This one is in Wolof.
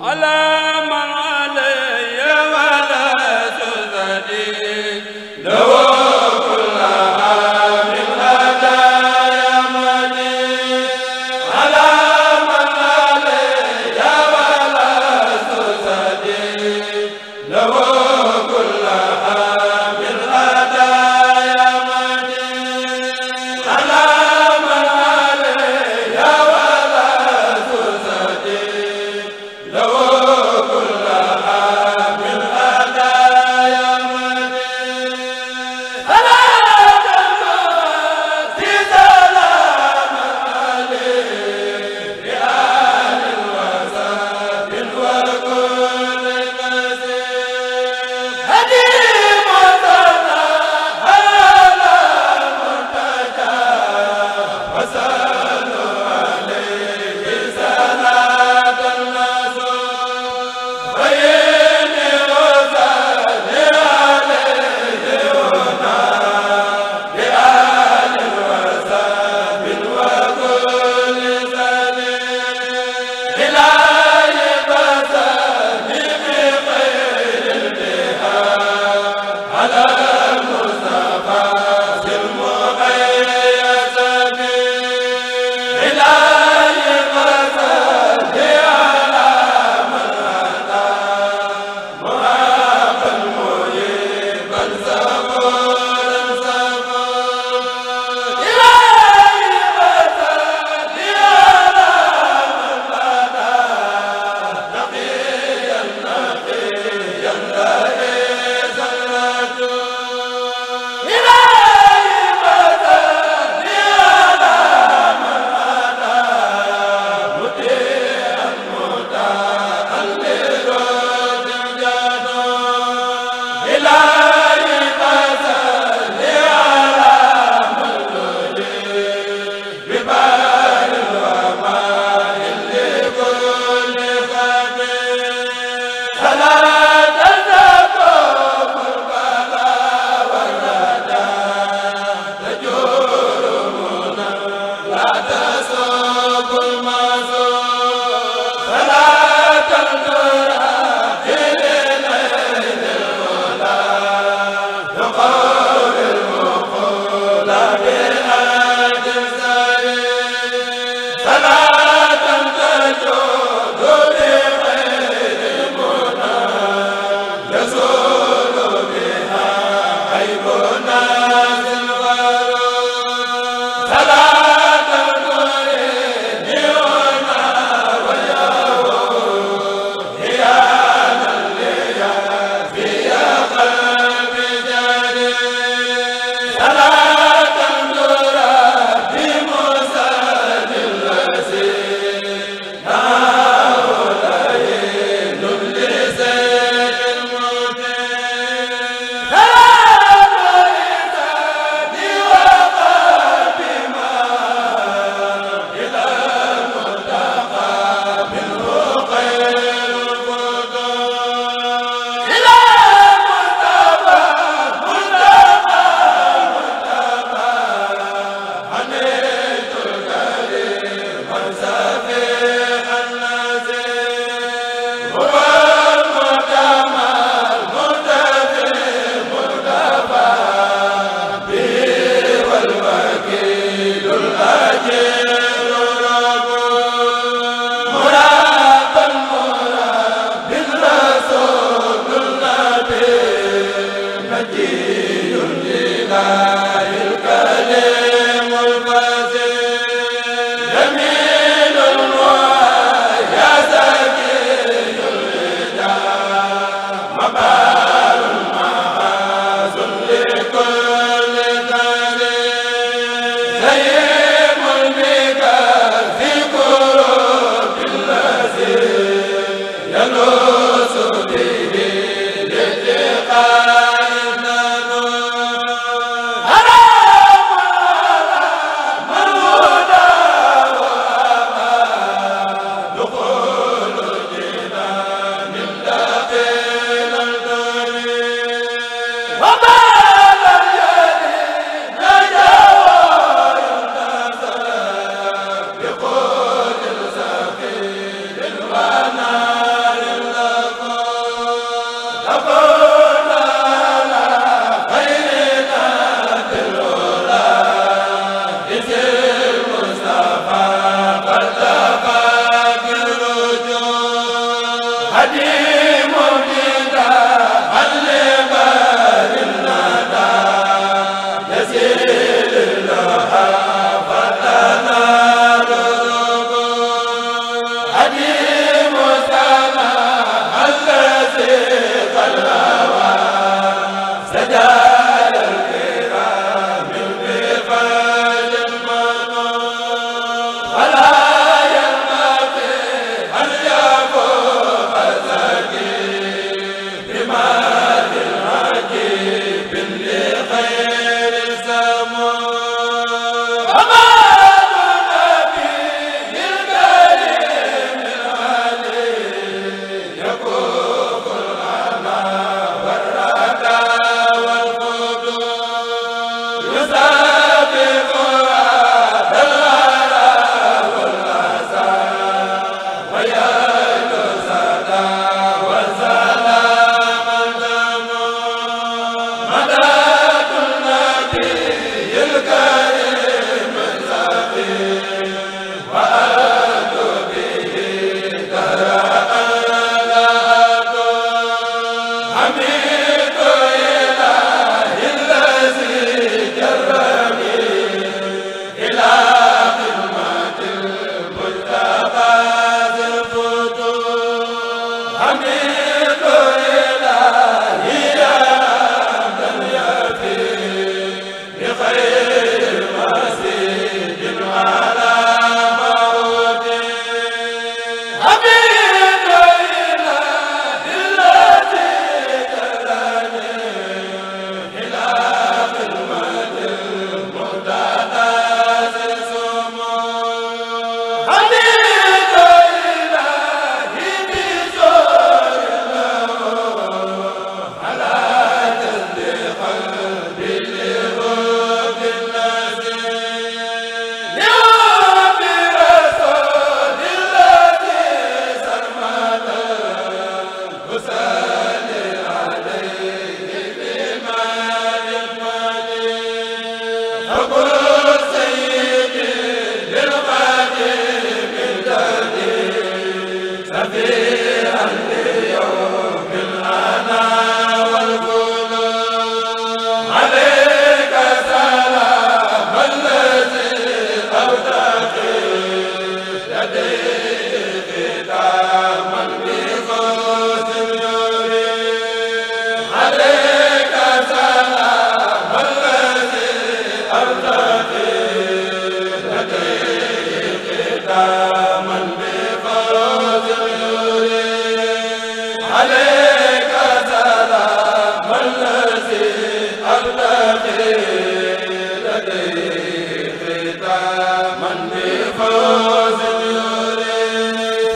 Allah sajaa sa